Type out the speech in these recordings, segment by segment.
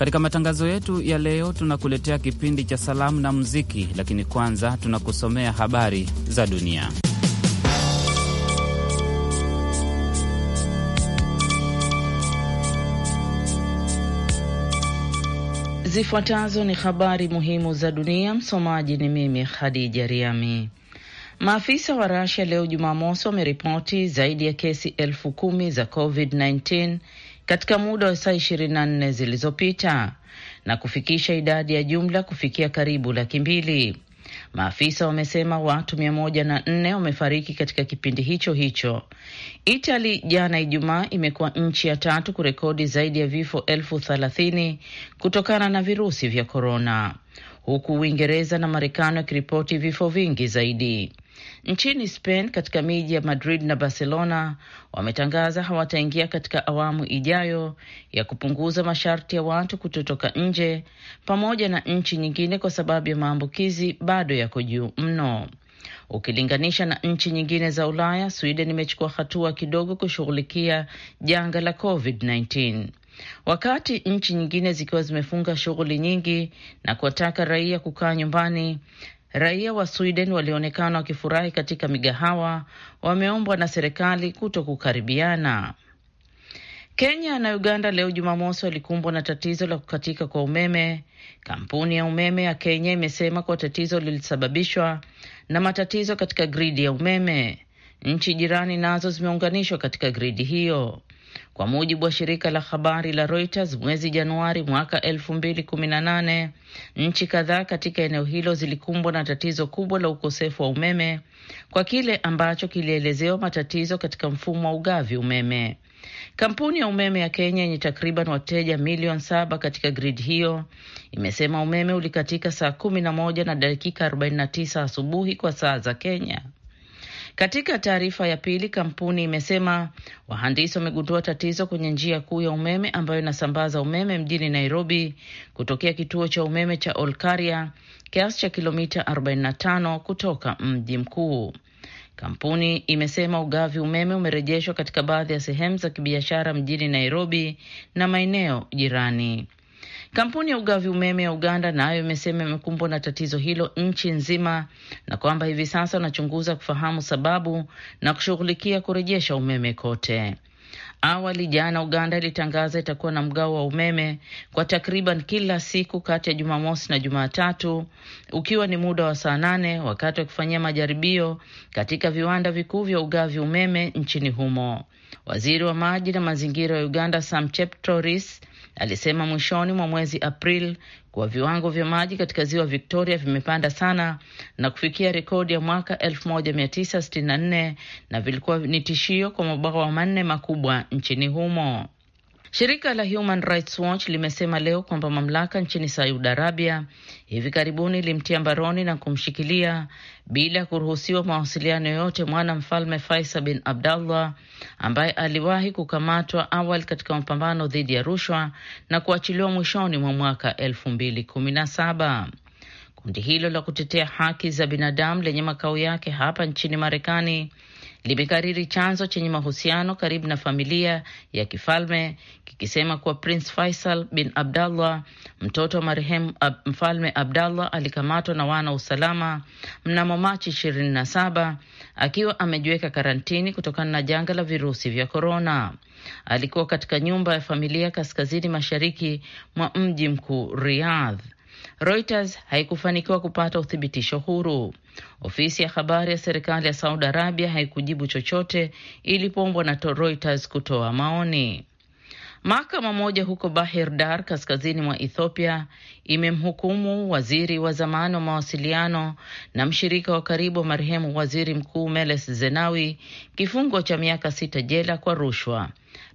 Katika matangazo yetu ya leo, tunakuletea kipindi cha salamu na muziki, lakini kwanza tunakusomea habari za dunia. Zifuatazo ni habari muhimu za dunia. Msomaji ni mimi Khadija Riami. Maafisa wa Rasia leo Jumamosi wameripoti zaidi ya kesi elfu kumi za COVID-19 katika muda wa saa ishirini na nne zilizopita na kufikisha idadi ya jumla kufikia karibu laki mbili. Maafisa wamesema watu mia moja na nne wamefariki katika kipindi hicho hicho. Itali jana Ijumaa imekuwa nchi ya tatu kurekodi zaidi ya vifo elfu thelathini kutokana na virusi vya korona huku Uingereza na Marekani wakiripoti vifo vingi zaidi. Nchini Spain, katika miji ya Madrid na Barcelona wametangaza hawataingia katika awamu ijayo ya kupunguza masharti ya watu kutotoka nje pamoja na nchi nyingine kwa sababu ya maambukizi bado yako juu mno. Ukilinganisha na nchi nyingine za Ulaya, Sweden imechukua hatua kidogo kushughulikia janga la COVID-19 wakati nchi nyingine zikiwa zimefunga shughuli nyingi na kuwataka raia kukaa nyumbani. Raia wa Sweden walionekana wakifurahi katika migahawa wameombwa na serikali kuto kukaribiana. Kenya na Uganda leo Jumamosi walikumbwa na tatizo la kukatika kwa umeme. Kampuni ya umeme ya Kenya imesema kuwa tatizo lilisababishwa na matatizo katika gridi ya umeme. Nchi jirani nazo zimeunganishwa katika gridi hiyo kwa mujibu wa shirika la habari la Reuters. Mwezi Januari mwaka 2018 nchi kadhaa katika eneo hilo zilikumbwa na tatizo kubwa la ukosefu wa umeme kwa kile ambacho kilielezewa matatizo katika mfumo wa ugavi umeme. Kampuni ya umeme ya Kenya yenye takriban wateja milioni saba katika grid hiyo imesema umeme ulikatika saa kumi na moja na dakika 49 asubuhi kwa saa za Kenya katika taarifa ya pili, kampuni imesema wahandisi wamegundua tatizo kwenye njia kuu ya umeme ambayo inasambaza umeme mjini Nairobi kutokea kituo cha umeme cha Olkaria, kiasi cha kilomita 45 kutoka mji mkuu. Kampuni imesema ugavi umeme umerejeshwa katika baadhi ya sehemu za kibiashara mjini Nairobi na maeneo jirani. Kampuni ya ugavi umeme ya Uganda nayo na imesema imekumbwa na tatizo hilo nchi nzima na kwamba hivi sasa wanachunguza kufahamu sababu na kushughulikia kurejesha umeme kote. Awali jana Uganda ilitangaza itakuwa na mgao wa umeme kwa takriban kila siku kati ya Jumamosi na Jumatatu, ukiwa ni muda wa saa nane, wakati wa kufanyia majaribio katika viwanda vikuu vya ugavi umeme nchini humo. Waziri wa maji na mazingira wa Uganda Sam Cheptoris Alisema mwishoni mwa mwezi april kuwa viwango vya maji katika ziwa Victoria vimepanda sana na kufikia rekodi ya mwaka 1964 na vilikuwa ni tishio kwa mabwawa manne makubwa nchini humo. Shirika la Human Rights Watch limesema leo kwamba mamlaka nchini Saudi Arabia hivi karibuni ilimtia mbaroni na kumshikilia bila kuruhusiwa mawasiliano yoyote mfalme Faisal bin Abdallah ambaye aliwahi kukamatwa awali katika mapambano dhidi ya rushwa na kuachiliwa mwishoni mwa mwaka elfu mbili kumi na saba. Kundi hilo la kutetea haki za binadamu lenye makao yake hapa nchini Marekani limekariri chanzo chenye mahusiano karibu na familia ya kifalme kikisema kuwa Prince Faisal bin Abdallah, mtoto wa marehemu ab, mfalme Abdallah, alikamatwa na wana usalama mnamo Machi 27 akiwa amejiweka karantini kutokana na janga la virusi vya korona. Alikuwa katika nyumba ya familia kaskazini mashariki mwa mji mkuu Riyadh. Reuters haikufanikiwa kupata uthibitisho huru. Ofisi ya habari ya serikali ya Saudi Arabia haikujibu chochote ilipoombwa na Reuters kutoa maoni. Mahakama moja huko Bahir Dar kaskazini mwa Ethiopia imemhukumu waziri wa zamani wa mawasiliano na mshirika wa karibu wa marehemu waziri mkuu Meles Zenawi kifungo cha miaka sita jela kwa rushwa.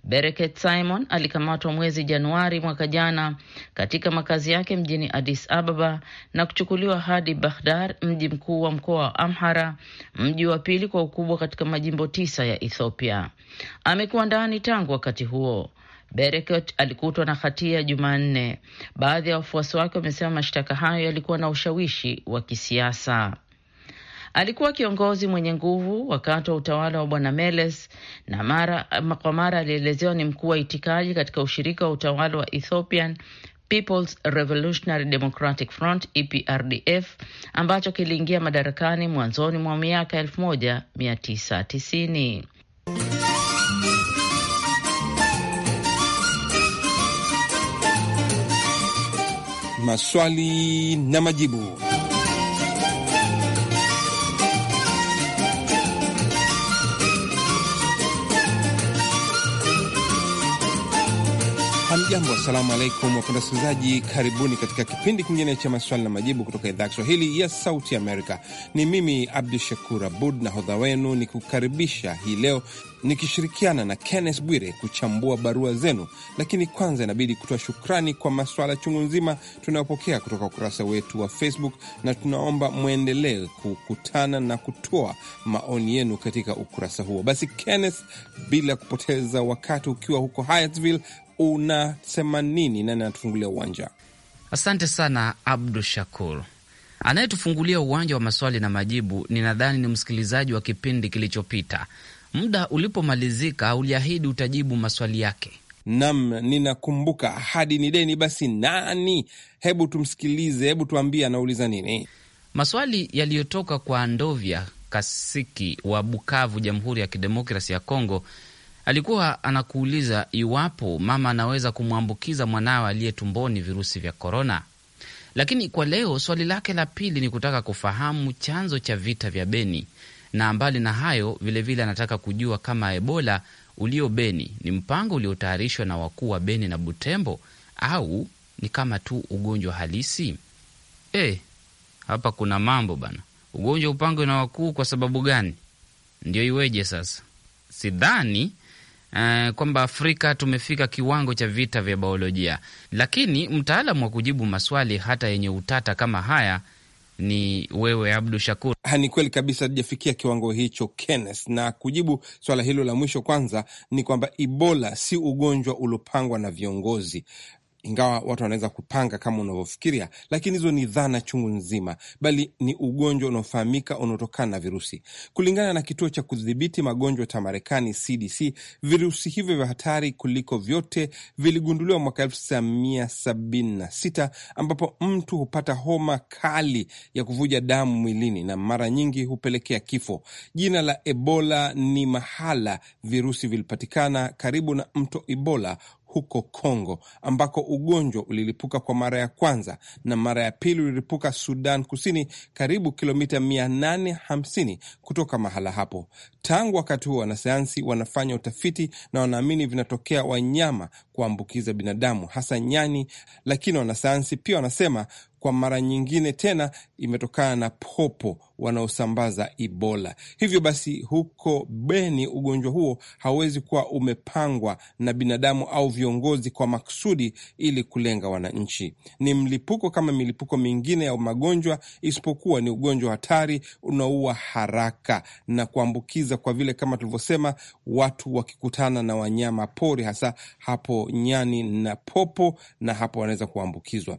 Bereket Simon alikamatwa mwezi Januari mwaka jana katika makazi yake mjini Addis Ababa na kuchukuliwa hadi Baghdad, mji mkuu wa mkoa wa Amhara, mji wa pili kwa ukubwa katika majimbo tisa ya Ethiopia. Amekuwa ndani tangu wakati huo. Bereket alikutwa na hatia Jumanne. Baadhi ya wafuasi wake wamesema mashtaka hayo yalikuwa na ushawishi wa kisiasa. Alikuwa kiongozi mwenye nguvu wakati wa utawala wa Bwana Meles na mara kwa mara alielezewa ni mkuu wa itikaji katika ushirika wa utawala wa Ethiopian People's Revolutionary Democratic Front EPRDF ambacho kiliingia madarakani mwanzoni mwa miaka 1990. Maswali na majibu. Hamjambo, assalamu alaikum wapenda wasikilizaji, karibuni katika kipindi kingine cha maswali na majibu kutoka idhaa ya Kiswahili ya Sauti Amerika. Ni mimi Abdu Shakur Abud na hodha wenu ni kukaribisha hii leo nikishirikiana na Kenneth Bwire kuchambua barua zenu, lakini kwanza inabidi kutoa shukrani kwa maswala chungu nzima tunayopokea kutoka ukurasa wetu wa Facebook, na tunaomba mwendelee kukutana na kutoa maoni yenu katika ukurasa huo. Basi Kenneth, bila kupoteza wakati, ukiwa huko Hyattsville unasema nini? Nani anatufungulia uwanja? Asante sana Abdu Shakur. Anayetufungulia uwanja wa maswali na majibu, ninadhani ni msikilizaji wa kipindi kilichopita. Muda ulipomalizika, uliahidi utajibu maswali yake. Nam, ninakumbuka hadi ni deni. Basi nani? Hebu tumsikilize, hebu tuambie anauliza nini. Maswali yaliyotoka kwa Ndovya Kasiki wa Bukavu, Jamhuri ya Kidemokrasi ya Kongo, alikuwa anakuuliza iwapo mama anaweza kumwambukiza mwanawe aliye tumboni virusi vya korona. Lakini kwa leo swali lake la pili ni kutaka kufahamu chanzo cha vita vya Beni, na mbali na hayo vilevile vile anataka kujua kama Ebola ulio Beni ni mpango uliotayarishwa na wakuu wa Beni na Butembo au ni kama tu ugonjwa halisi. E, hapa kuna mambo bana. Ugonjwa upangwe na wakuu kwa sababu gani? Ndio iweje sasa? Sidhani uh, kwamba Afrika tumefika kiwango cha vita vya biolojia, lakini mtaalamu wa kujibu maswali hata yenye utata kama haya ni wewe Abdu Shakur. Ah, ni kweli kabisa, hatujafikia kiwango hicho Kennes. Na kujibu swala hilo la mwisho, kwanza ni kwamba Ebola si ugonjwa uliopangwa na viongozi, ingawa watu wanaweza kupanga kama unavyofikiria, lakini hizo ni dhana chungu nzima, bali ni ugonjwa unaofahamika unaotokana na virusi. Kulingana na kituo cha kudhibiti magonjwa cha Marekani, CDC, virusi hivyo vya hatari kuliko vyote viligunduliwa mwaka 1976 ambapo mtu hupata homa kali ya kuvuja damu mwilini na mara nyingi hupelekea kifo. Jina la Ebola ni mahala virusi vilipatikana karibu na mto Ebola huko Kongo ambako ugonjwa ulilipuka kwa mara ya kwanza na mara ya pili ulilipuka Sudan Kusini, karibu kilomita 850 kutoka mahala hapo. Tangu wakati huo, wanasayansi wanafanya utafiti na wanaamini vinatokea wanyama kuambukiza binadamu, hasa nyani, lakini wanasayansi pia wanasema kwa mara nyingine tena imetokana na popo wanaosambaza Ebola. Hivyo basi, huko Beni ugonjwa huo hauwezi kuwa umepangwa na binadamu au viongozi kwa maksudi ili kulenga wananchi. Ni mlipuko kama milipuko mingine ya magonjwa, isipokuwa ni ugonjwa hatari unaua haraka na kuambukiza, kwa vile kama tulivyosema, watu wakikutana na wanyama pori, hasa hapo nyani na popo, na hapo wanaweza kuambukizwa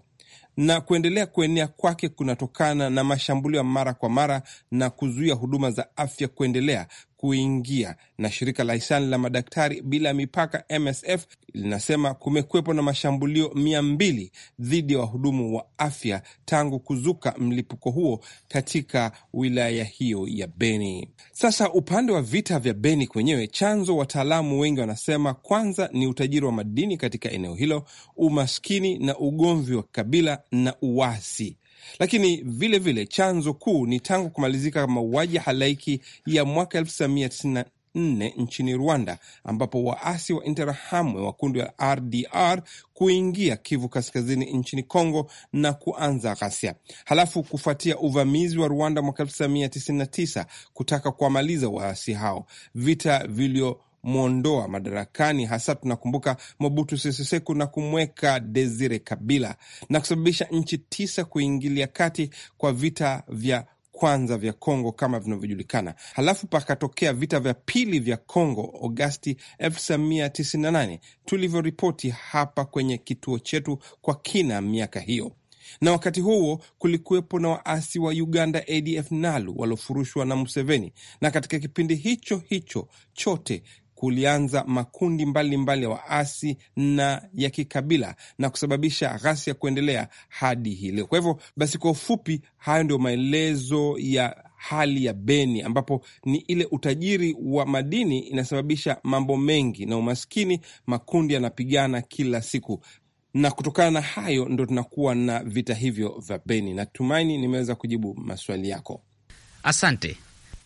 na kuendelea kuenea kwake kunatokana na mashambulio ya mara kwa mara na kuzuia huduma za afya kuendelea kuingia. Na shirika la hisani la madaktari bila mipaka MSF linasema kumekwepo na mashambulio mia mbili dhidi ya wahudumu wa afya tangu kuzuka mlipuko huo katika wilaya hiyo ya Beni. Sasa upande wa vita vya Beni kwenyewe, chanzo wataalamu wengi wanasema kwanza ni utajiri wa madini katika eneo hilo, umaskini na ugomvi wa kabila na uwasi lakini vilevile vile, chanzo kuu ni tangu kumalizika mauaji halaiki ya mwaka 1994 nchini Rwanda, ambapo waasi wa Interahamwe wa kundi wa RDR kuingia Kivu Kaskazini nchini congo na kuanza ghasia, halafu kufuatia uvamizi wa Rwanda mwaka 1999 kutaka kuwamaliza waasi hao, vita vilio kumwondoa madarakani, hasa tunakumbuka Mobutu Sese Seko na kumweka Desire Kabila na kusababisha nchi tisa kuingilia kati kwa vita vya kwanza vya Kongo kama vinavyojulikana. Halafu pakatokea vita vya pili vya Kongo Agosti 1998 tulivyoripoti hapa kwenye kituo chetu kwa kina miaka hiyo na wakati huo kulikuwepo na waasi wa Uganda ADF NALU waliofurushwa na Museveni, na katika kipindi hicho hicho chote ulianza makundi mbalimbali ya mbali waasi na ya kikabila na kusababisha ghasia kuendelea hadi hii leo. Kwa hivyo basi, kwa ufupi, hayo ndio maelezo ya hali ya Beni ambapo ni ile utajiri wa madini inasababisha mambo mengi na umaskini, makundi yanapigana kila siku na kutokana na hayo ndo tunakuwa na vita hivyo vya Beni. Natumaini nimeweza kujibu maswali yako, asante.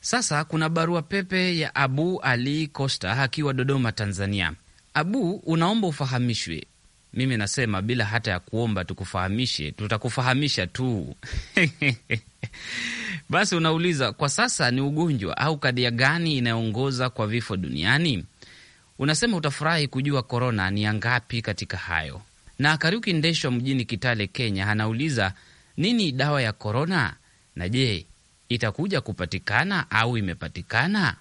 Sasa kuna barua pepe ya Abu Ali Costa akiwa Dodoma, Tanzania. Abu, unaomba ufahamishwe. Mimi nasema bila hata ya kuomba tukufahamishe, tutakufahamisha tu Basi unauliza kwa sasa ni ugonjwa au kadia gani inayoongoza kwa vifo duniani? Unasema utafurahi kujua korona ni yangapi katika hayo. Na Kariuki Ndeshwa mjini Kitale, Kenya, anauliza nini dawa ya korona, na je, itakuja kupatikana au imepatikana?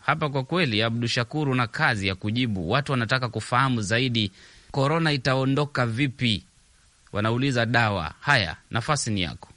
Hapa kwa kweli, Abdu Shakuru na kazi ya kujibu. Watu wanataka kufahamu zaidi, korona itaondoka vipi? Wanauliza dawa. Haya, nafasi ni yako.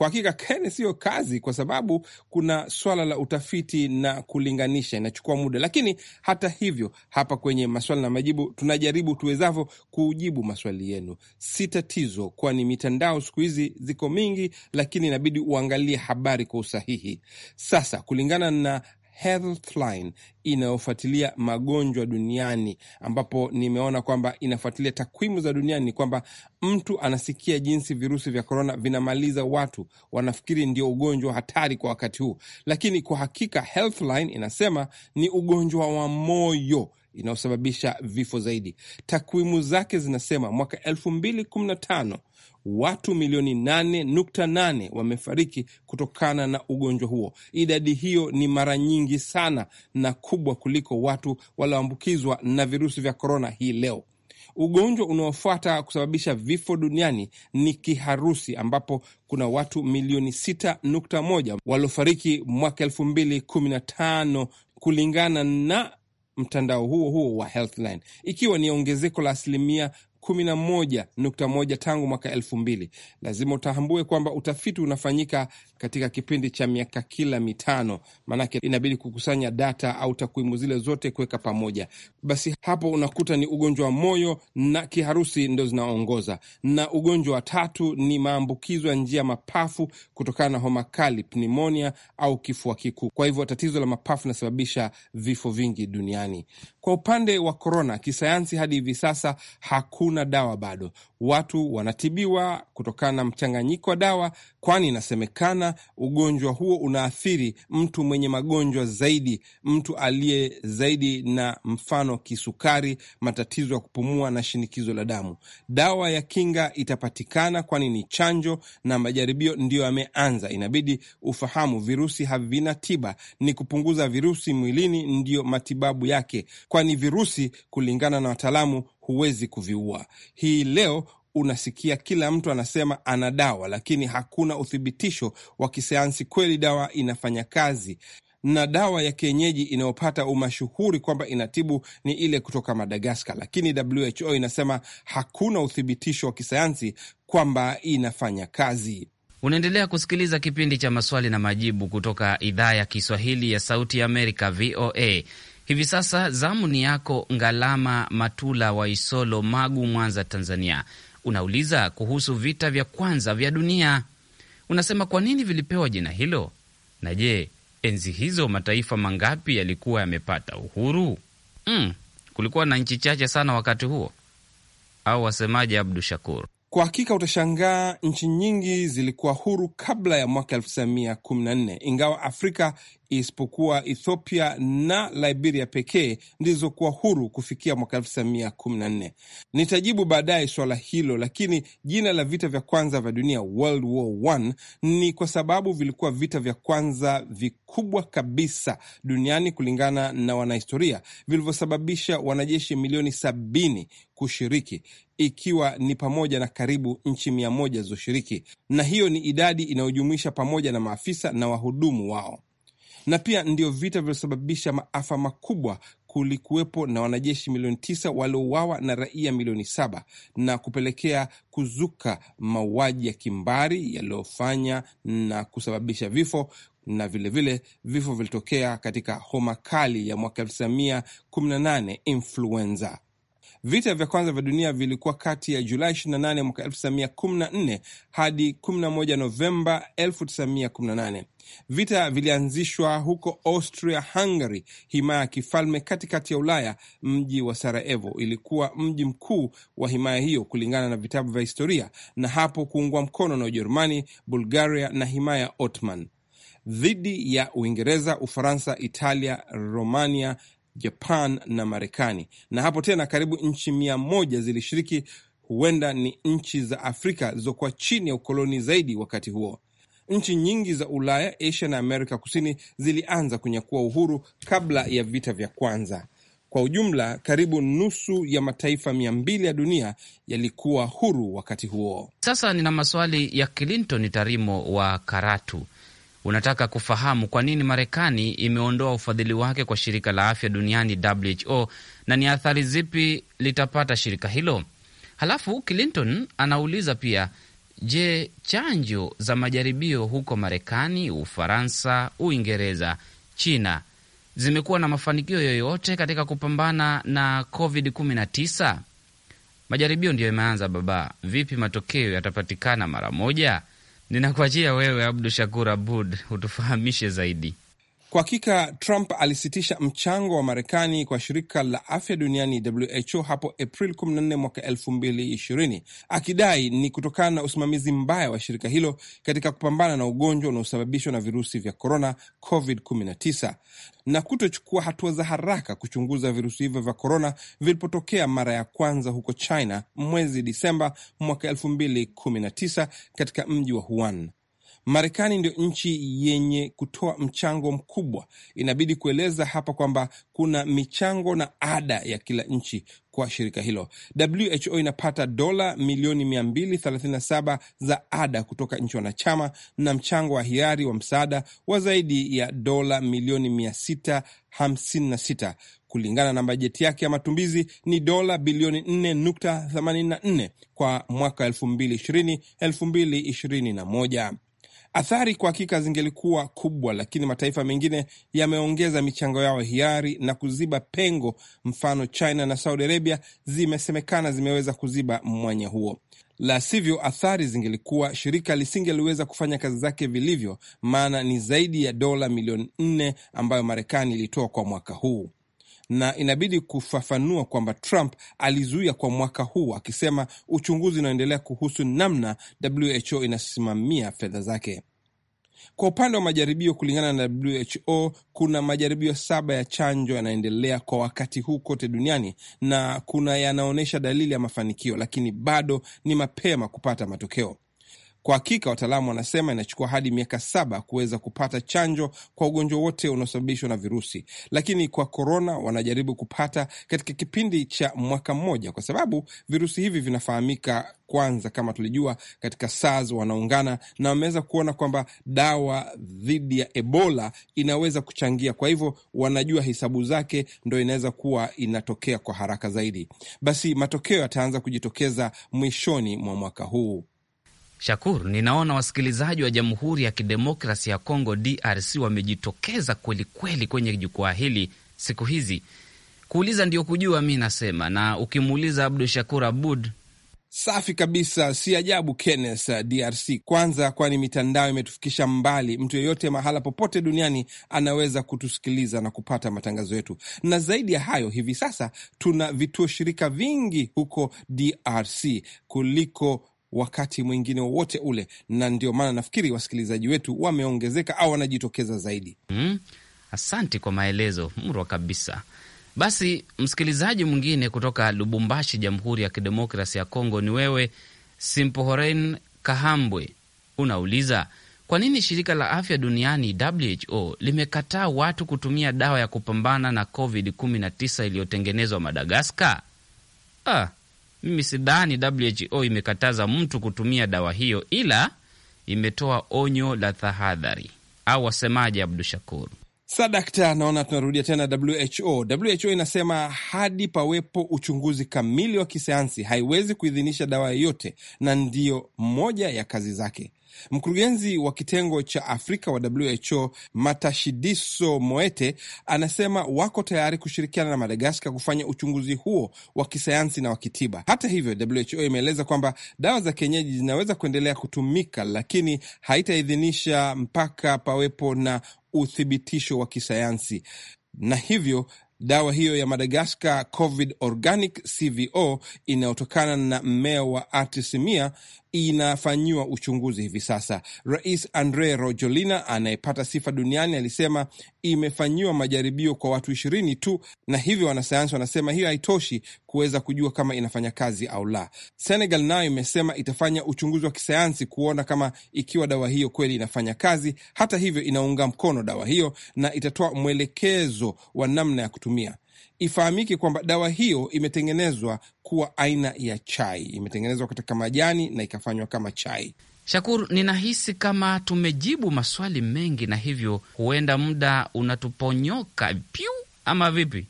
Kwa hakika Kenya siyo kazi, kwa sababu kuna swala la utafiti na kulinganisha, inachukua muda. Lakini hata hivyo, hapa kwenye maswali na majibu tunajaribu tuwezavyo kujibu maswali yenu, si tatizo, kwani mitandao siku hizi ziko mingi, lakini inabidi uangalie habari kwa usahihi. Sasa kulingana na Healthline inayofuatilia magonjwa duniani, ambapo nimeona kwamba inafuatilia takwimu za duniani kwamba mtu anasikia jinsi virusi vya korona vinamaliza watu, wanafikiri ndio ugonjwa hatari kwa wakati huu, lakini kwa hakika Healthline inasema ni ugonjwa wa moyo inayosababisha vifo zaidi. Takwimu zake zinasema mwaka elfu mbili kumi na tano watu milioni nane nukta nane wamefariki kutokana na ugonjwa huo. Idadi hiyo ni mara nyingi sana na kubwa kuliko watu walioambukizwa na virusi vya korona hii leo. Ugonjwa unaofuata kusababisha vifo duniani ni kiharusi, ambapo kuna watu milioni sita nukta moja waliofariki mwaka elfu mbili kumi na tano kulingana na mtandao huo huo wa Healthline, ikiwa ni ongezeko la asilimia 11.1 tangu mwaka elfu mbili. Lazima utambue kwamba utafiti unafanyika katika kipindi cha miaka kila mitano, maanake inabidi kukusanya data au takwimu zile zote kuweka pamoja. Basi hapo unakuta ni ugonjwa wa moyo na kiharusi ndo zinaongoza, na ugonjwa wa tatu ni maambukizo ya njia mapafu kutokana na homa kali, pneumonia au kifua kikuu. Kwa hivyo tatizo la mapafu linasababisha vifo vingi duniani. Kwa upande wa korona, kisayansi hadi hivi sasa hakuna dawa bado. Watu wanatibiwa kutokana na mchanganyiko wa dawa, kwani inasemekana ugonjwa huo unaathiri mtu mwenye magonjwa zaidi, mtu aliye zaidi na mfano kisukari, matatizo ya kupumua na shinikizo la damu. Dawa ya kinga itapatikana, kwani ni chanjo na majaribio ndiyo yameanza. Inabidi ufahamu virusi havina tiba, ni kupunguza virusi mwilini, ndiyo matibabu yake kwani virusi, kulingana na wataalamu, huwezi kuviua. Hii leo unasikia kila mtu anasema ana dawa, lakini hakuna uthibitisho wa kisayansi kweli dawa inafanya kazi na dawa ya kienyeji inayopata umashuhuri kwamba inatibu ni ile kutoka Madagaskar, lakini WHO inasema hakuna uthibitisho wa kisayansi kwamba inafanya kazi. Unaendelea kusikiliza kipindi cha maswali na majibu kutoka idhaa ya Kiswahili ya Sauti ya Amerika, VOA. Hivi sasa zamu ni yako. Ngalama Matula wa Isolo, Magu, Mwanza, Tanzania, unauliza kuhusu vita vya kwanza vya dunia. Unasema kwa nini vilipewa jina hilo, na je, enzi hizo mataifa mangapi yalikuwa yamepata uhuru? Mm, kulikuwa na nchi chache sana wakati huo, au wasemaje, Abdu Shakur? Kwa hakika utashangaa, nchi nyingi zilikuwa huru kabla ya mwaka 1914 ingawa Afrika isipokuwa Ethiopia na Liberia pekee ndizokuwa huru kufikia mwaka 1914. Nitajibu baadaye swala hilo, lakini jina la vita vya kwanza vya dunia World War I ni kwa sababu vilikuwa vita vya kwanza vikubwa kabisa duniani kulingana na wanahistoria, vilivyosababisha wanajeshi milioni sabini kushiriki ikiwa ni pamoja na karibu nchi mia moja zilizoshiriki, na hiyo ni idadi inayojumuisha pamoja na maafisa na wahudumu wao na pia ndio vita vilivyosababisha maafa makubwa. Kulikuwepo na wanajeshi milioni tisa waliouawa na raia milioni saba na kupelekea kuzuka mauaji ya kimbari yaliyofanya na kusababisha vifo na vilevile vile, vifo vilitokea katika homa kali ya mwaka 1918 influenza. Vita vya kwanza vya dunia vilikuwa kati ya Julai 28 mwaka 1914 hadi 11 Novemba 1918. Vita vilianzishwa huko Austria Hungary, himaya ya kifalme katikati ya Ulaya. Mji wa Sarajevo ilikuwa mji mkuu wa himaya hiyo kulingana na vitabu vya historia, na hapo kuungwa mkono na Ujerumani, Bulgaria na himaya ya Ottoman dhidi ya Uingereza, Ufaransa, Italia, Romania Japan na Marekani, na hapo tena karibu nchi mia moja zilishiriki. Huenda ni nchi za Afrika zilizokuwa chini ya ukoloni zaidi wakati huo. Nchi nyingi za Ulaya, Asia na Amerika Kusini zilianza kunyakua uhuru kabla ya vita vya kwanza. Kwa ujumla, karibu nusu ya mataifa mia mbili ya dunia yalikuwa huru wakati huo. Sasa nina maswali ya Clinton Tarimo wa Karatu unataka kufahamu kwa nini Marekani imeondoa ufadhili wake kwa shirika la afya duniani WHO na ni athari zipi litapata shirika hilo. Halafu Clinton anauliza pia, je, chanjo za majaribio huko Marekani, Ufaransa, Uingereza, China zimekuwa na mafanikio yoyote katika kupambana na COVID-19? Majaribio ndiyo imeanza baba, vipi matokeo yatapatikana mara moja? Ninakuachia wewe Abdu Shakur Abud, hutufahamishe zaidi. Kwa hakika Trump alisitisha mchango wa Marekani kwa shirika la afya duniani WHO hapo april 14 mwaka 2020 akidai ni kutokana na usimamizi mbaya wa shirika hilo katika kupambana na ugonjwa unaosababishwa na virusi vya korona COVID-19 na kutochukua hatua za haraka kuchunguza virusi hivyo vya korona vilipotokea mara ya kwanza huko China mwezi Disemba mwaka 2019 katika mji wa Wuhan. Marekani ndio nchi yenye kutoa mchango mkubwa. Inabidi kueleza hapa kwamba kuna michango na ada ya kila nchi kwa shirika hilo. WHO inapata dola milioni 237 za ada kutoka nchi wanachama na mchango wa hiari wa msaada wa zaidi ya dola milioni 656 kulingana na bajeti yake ya matumizi ni dola bilioni 4.84 kwa mwaka 2020 2021. Athari kwa hakika zingelikuwa kubwa, lakini mataifa mengine yameongeza michango yao hiari na kuziba pengo. Mfano, China na Saudi Arabia zimesemekana zimeweza kuziba mwanya huo. La sivyo, athari zingelikuwa shirika lisingeliweza kufanya kazi zake vilivyo, maana ni zaidi ya dola milioni nne ambayo Marekani ilitoa kwa mwaka huu na inabidi kufafanua kwamba Trump alizuia kwa mwaka huu, akisema uchunguzi unaoendelea kuhusu namna WHO inasimamia fedha zake. Kwa upande wa majaribio, kulingana na WHO, kuna majaribio saba ya chanjo yanaendelea kwa wakati huu kote duniani na kuna yanaonyesha dalili ya mafanikio, lakini bado ni mapema kupata matokeo. Kwa hakika wataalamu wanasema inachukua hadi miaka saba kuweza kupata chanjo kwa ugonjwa wote unaosababishwa na virusi, lakini kwa korona wanajaribu kupata katika kipindi cha mwaka mmoja, kwa sababu virusi hivi vinafahamika kwanza, kama tulijua katika SARS wanaungana na wameweza kuona kwamba dawa dhidi ya Ebola inaweza kuchangia. Kwa hivyo wanajua hesabu zake, ndo inaweza kuwa inatokea kwa haraka zaidi. Basi matokeo yataanza kujitokeza mwishoni mwa mwaka huu. Shakur, ninaona wasikilizaji wa Jamhuri ya Kidemokrasi ya Kongo DRC wamejitokeza kwelikweli kwenye jukwaa hili siku hizi. Kuuliza ndio kujua, mi nasema, na ukimuuliza Abdu Shakur Abud Safi kabisa, si ajabu Kennes. Uh, DRC kwanza, kwani mitandao imetufikisha mbali. Mtu yeyote mahala popote duniani anaweza kutusikiliza na kupata matangazo yetu, na zaidi ya hayo, hivi sasa tuna vituo shirika vingi huko DRC kuliko wakati mwingine wowote ule, na ndio maana nafikiri wasikilizaji wetu wameongezeka au wanajitokeza zaidi. Mm, asante kwa maelezo mrwa kabisa. Basi msikilizaji mwingine kutoka Lubumbashi, Jamhuri ya Kidemokrasi ya Kongo, ni wewe Simpohoren Kahambwe, unauliza kwa nini shirika la afya duniani WHO limekataa watu kutumia dawa ya kupambana na COVID 19 iliyotengenezwa Madagaskar? Ah, mimi sidhani WHO imekataza mtu kutumia dawa hiyo, ila imetoa onyo la tahadhari, au wasemaje, Abdu Shakur? Sa dakta, naona tunarudia tena WHO. WHO inasema hadi pawepo uchunguzi kamili wa kisayansi haiwezi kuidhinisha dawa yoyote, na ndiyo moja ya kazi zake. Mkurugenzi wa kitengo cha Afrika wa WHO Matashidiso Moete anasema wako tayari kushirikiana na Madagaskar kufanya uchunguzi huo wa kisayansi na wa kitiba. Hata hivyo, WHO imeeleza kwamba dawa za kienyeji zinaweza kuendelea kutumika, lakini haitaidhinisha mpaka pawepo na uthibitisho wa kisayansi na hivyo dawa hiyo ya Madagascar Covid Organic CVO inayotokana na mmea wa artisimia inafanyiwa uchunguzi hivi sasa. Rais Andre Rojolina anayepata sifa duniani alisema imefanyiwa majaribio kwa watu ishirini tu, na hivyo wanasayansi wanasema hiyo haitoshi kuweza kujua kama inafanya kazi au la. Senegal nayo imesema itafanya uchunguzi wa kisayansi kuona kama ikiwa dawa hiyo kweli inafanya kazi. Hata hivyo, inaunga mkono dawa hiyo na itatoa mwelekezo wa namna ya kutumia. Ifahamike kwamba dawa hiyo imetengenezwa kuwa aina ya chai, imetengenezwa katika majani na ikafanywa kama chai. Shakur, ninahisi kama tumejibu maswali mengi na hivyo huenda muda unatuponyoka pyu, ama vipi?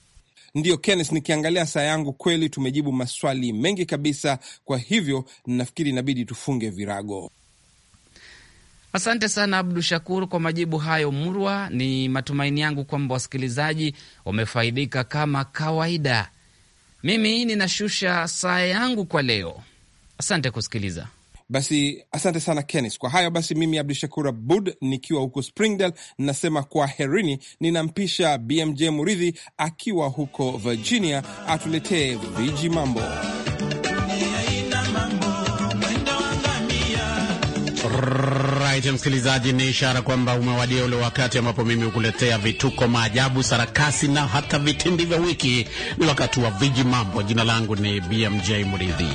Ndiyo Kenneth, nikiangalia saa yangu kweli tumejibu maswali mengi kabisa. Kwa hivyo nafikiri inabidi tufunge virago. Asante sana Abdu Shakur kwa majibu hayo murwa. Ni matumaini yangu kwamba wasikilizaji wamefaidika kama kawaida. Mimi ninashusha saa yangu kwa leo. Asante kusikiliza. Basi asante sana Kennis kwa hayo. Basi mimi Abdu Shakur Abud nikiwa huko Springdale nasema kwa herini. Ninampisha BMJ Muridhi akiwa huko Virginia atuletee viji mambo. hicho msikilizaji, ni ishara kwamba umewadia ule wakati ambapo mimi hukuletea vituko, maajabu, sarakasi na hata vitindi vya wiki. Ni wakati wa viji mambo. Jina langu ni BMJ Mridhi.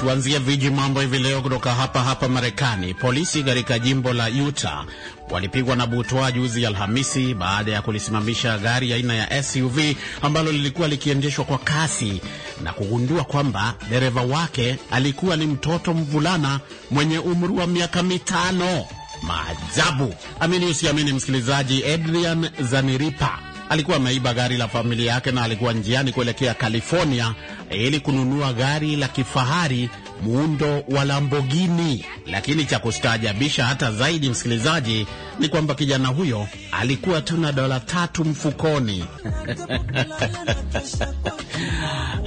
Tuanzie viji mambo hivi leo kutoka hapa hapa Marekani. Polisi katika jimbo la Utah walipigwa na butwa juzi Alhamisi baada ya kulisimamisha gari aina ya, ya SUV ambalo lilikuwa likiendeshwa kwa kasi na kugundua kwamba dereva wake alikuwa ni mtoto mvulana mwenye umri wa miaka mitano. Maajabu! Amini usiamini, msikilizaji, Adrian Zaniripa alikuwa ameiba gari la familia yake na alikuwa njiani kuelekea California ili kununua gari la kifahari muundo wa Lamborghini. Lakini cha kustaajabisha hata zaidi, msikilizaji, ni kwamba kijana huyo alikuwa tu na dola tatu mfukoni.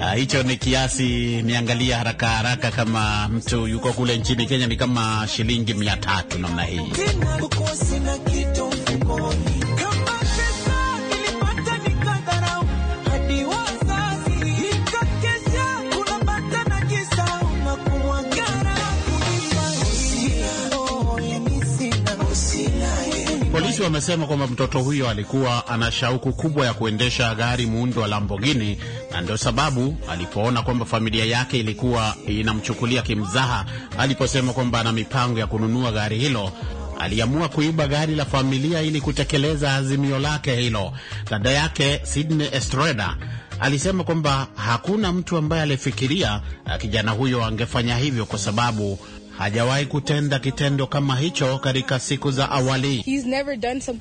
Ah, hicho ni kiasi, niangalia haraka haraka, kama mtu yuko kule nchini Kenya ni kama shilingi mia tatu namna hii. Polisi wamesema kwamba mtoto huyo alikuwa ana shauku kubwa ya kuendesha gari muundo wa Lamborghini, na ndio sababu alipoona kwamba familia yake ilikuwa inamchukulia kimzaha, aliposema kwamba ana mipango ya kununua gari hilo aliamua kuiba gari la familia ili kutekeleza azimio lake hilo. Dada yake Sydney Estrada alisema kwamba hakuna mtu ambaye alifikiria ah, kijana huyo angefanya hivyo, kwa sababu hajawahi kutenda kitendo kama hicho katika siku za awali.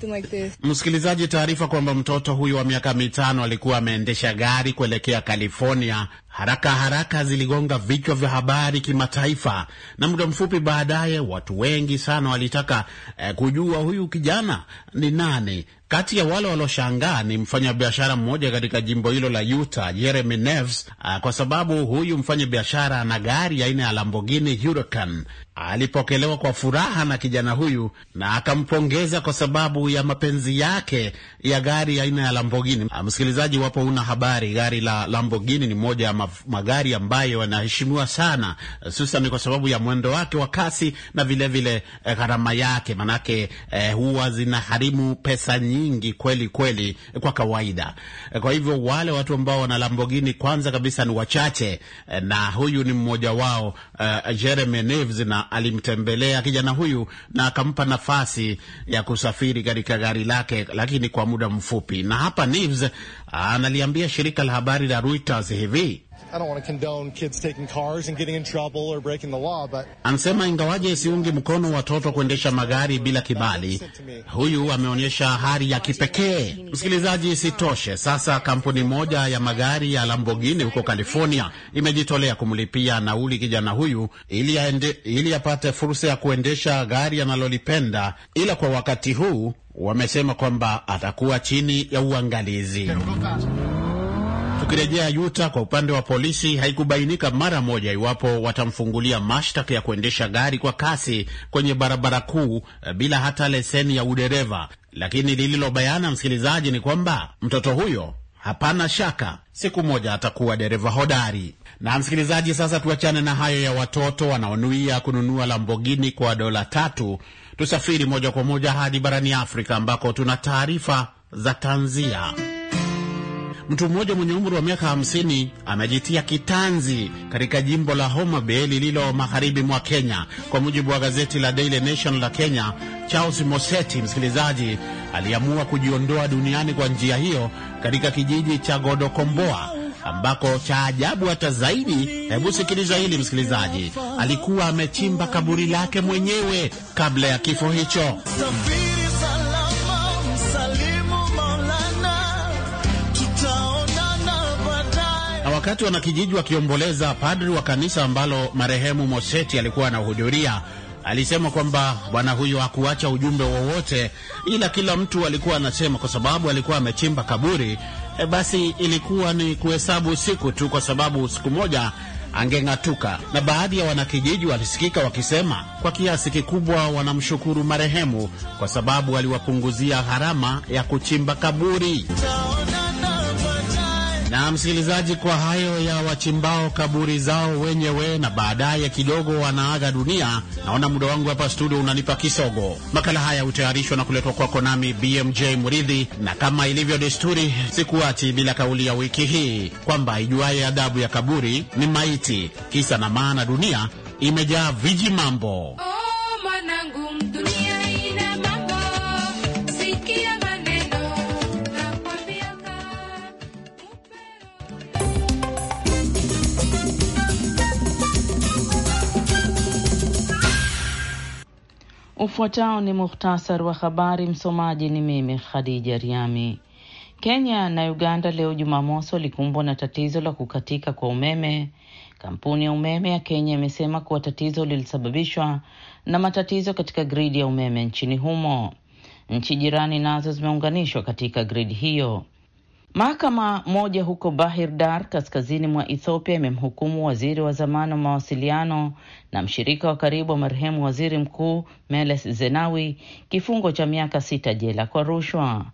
like Msikilizaji, taarifa kwamba mtoto huyu wa miaka mitano alikuwa ameendesha gari kuelekea California haraka haraka ziligonga vichwa vya habari kimataifa, na muda mfupi baadaye watu wengi sana walitaka eh, kujua huyu kijana ni nani kati ya wale walioshangaa ni mfanyabiashara mmoja katika jimbo hilo la Utah, Jeremy Neves, ah, kwa sababu huyu mfanyabiashara ana gari aina ya Lamborghini Huracan alipokelewa kwa furaha na kijana huyu na akampongeza kwa sababu ya mapenzi yake ya gari aina ya, ya Lamborghini. Ah, msikilizaji wapo, una habari, gari la Lamborghini ni moja ya magari ambayo yanaheshimiwa sana, hususan kwa sababu ya mwendo wake wa kasi na vilevile gharama vile, eh, yake manake eh, huwa zinaharimu pesa nyingi kweli kweli eh, kwa kawaida. Eh, kwa hivyo wale watu ambao wana Lamborghini kwanza kabisa ni wachache, eh, na huyu ni mmoja wao eh, Jeremy Neves na alimtembelea kijana huyu na akampa nafasi ya kusafiri katika gari lake, lakini kwa muda mfupi. Na hapa Nives ah, analiambia shirika la habari la Reuters hivi I don't want to condone kids taking cars and getting in trouble or breaking the law, but... Anasema ingawaje siungi mkono watoto kuendesha magari bila kibali, huyu ameonyesha hali ya kipekee. Msikilizaji, isitoshe sasa kampuni moja ya magari ya Lamborghini huko California imejitolea kumlipia nauli kijana huyu ili, aende, ili apate fursa ya kuendesha gari analolipenda, ila kwa wakati huu wamesema kwamba atakuwa chini ya uangalizi. Tukirejea Utah, kwa upande wa polisi haikubainika mara moja iwapo watamfungulia mashtaka ya kuendesha gari kwa kasi kwenye barabara kuu eh, bila hata leseni ya udereva, lakini lililobayana, msikilizaji, ni kwamba mtoto huyo hapana shaka siku moja atakuwa dereva hodari. Na msikilizaji, sasa tuachane na hayo ya watoto wanaonuia kununua Lambogini kwa dola tatu. Tusafiri moja kwa moja hadi barani Afrika ambako tuna taarifa za tanzia mtu mmoja mwenye umri wa miaka 50 amejitia kitanzi katika jimbo la Homa Bay lililo magharibi mwa Kenya. Kwa mujibu wa gazeti la Daily Nation la Kenya, Charles Moseti, msikilizaji, aliamua kujiondoa duniani kwa njia hiyo katika kijiji cha Godokomboa ambako cha ajabu hata zaidi, hebu sikiliza hili msikilizaji, alikuwa amechimba kaburi lake mwenyewe kabla ya kifo hicho. wakati wanakijiji wakiomboleza, padri wa kanisa ambalo marehemu Moseti alikuwa anahudhuria alisema kwamba bwana huyo hakuacha ujumbe wowote, ila kila mtu alikuwa anasema, kwa sababu alikuwa amechimba kaburi e, basi ilikuwa ni kuhesabu siku tu, kwa sababu siku moja angeng'atuka. Na baadhi ya wanakijiji walisikika wakisema kwa kiasi kikubwa wanamshukuru marehemu kwa sababu aliwapunguzia gharama ya kuchimba kaburi. Na msikilizaji, kwa hayo ya wachimbao kaburi zao wenyewe na baadaye kidogo wanaaga dunia, naona muda wangu hapa studio unanipa kisogo. Makala haya hutayarishwa na kuletwa kwako nami BMJ Muridhi, na kama ilivyo desturi, sikuachi bila kauli ya wiki hii kwamba ijuaye adhabu ya kaburi ni maiti. Kisa na maana, dunia imejaa viji mambo. Oh, Ufuatao ni muhtasar wa habari. Msomaji ni mimi Khadija Riami. Kenya na Uganda leo Jumamosi walikumbwa na tatizo la kukatika kwa umeme. Kampuni ya umeme ya Kenya imesema kuwa tatizo lilisababishwa na matatizo katika gridi ya umeme nchini humo. Nchi jirani nazo zimeunganishwa katika gridi hiyo. Mahakama moja huko Bahir Dar kaskazini mwa Ethiopia imemhukumu waziri wa zamani wa mawasiliano na mshirika wa karibu wa marehemu waziri mkuu Meles Zenawi kifungo cha miaka sita jela kwa rushwa.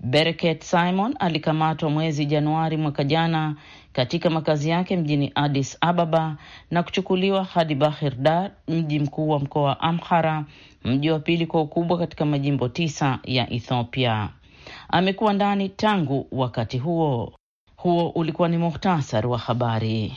Bereket Simon alikamatwa mwezi Januari mwaka jana katika makazi yake mjini Addis Ababa na kuchukuliwa hadi Bahir Dar, mji mkuu wa mkoa wa Amhara, mji wa pili kwa ukubwa katika majimbo tisa ya Ethiopia amekuwa ndani tangu wakati huo. Huo ulikuwa ni muhtasari wa habari.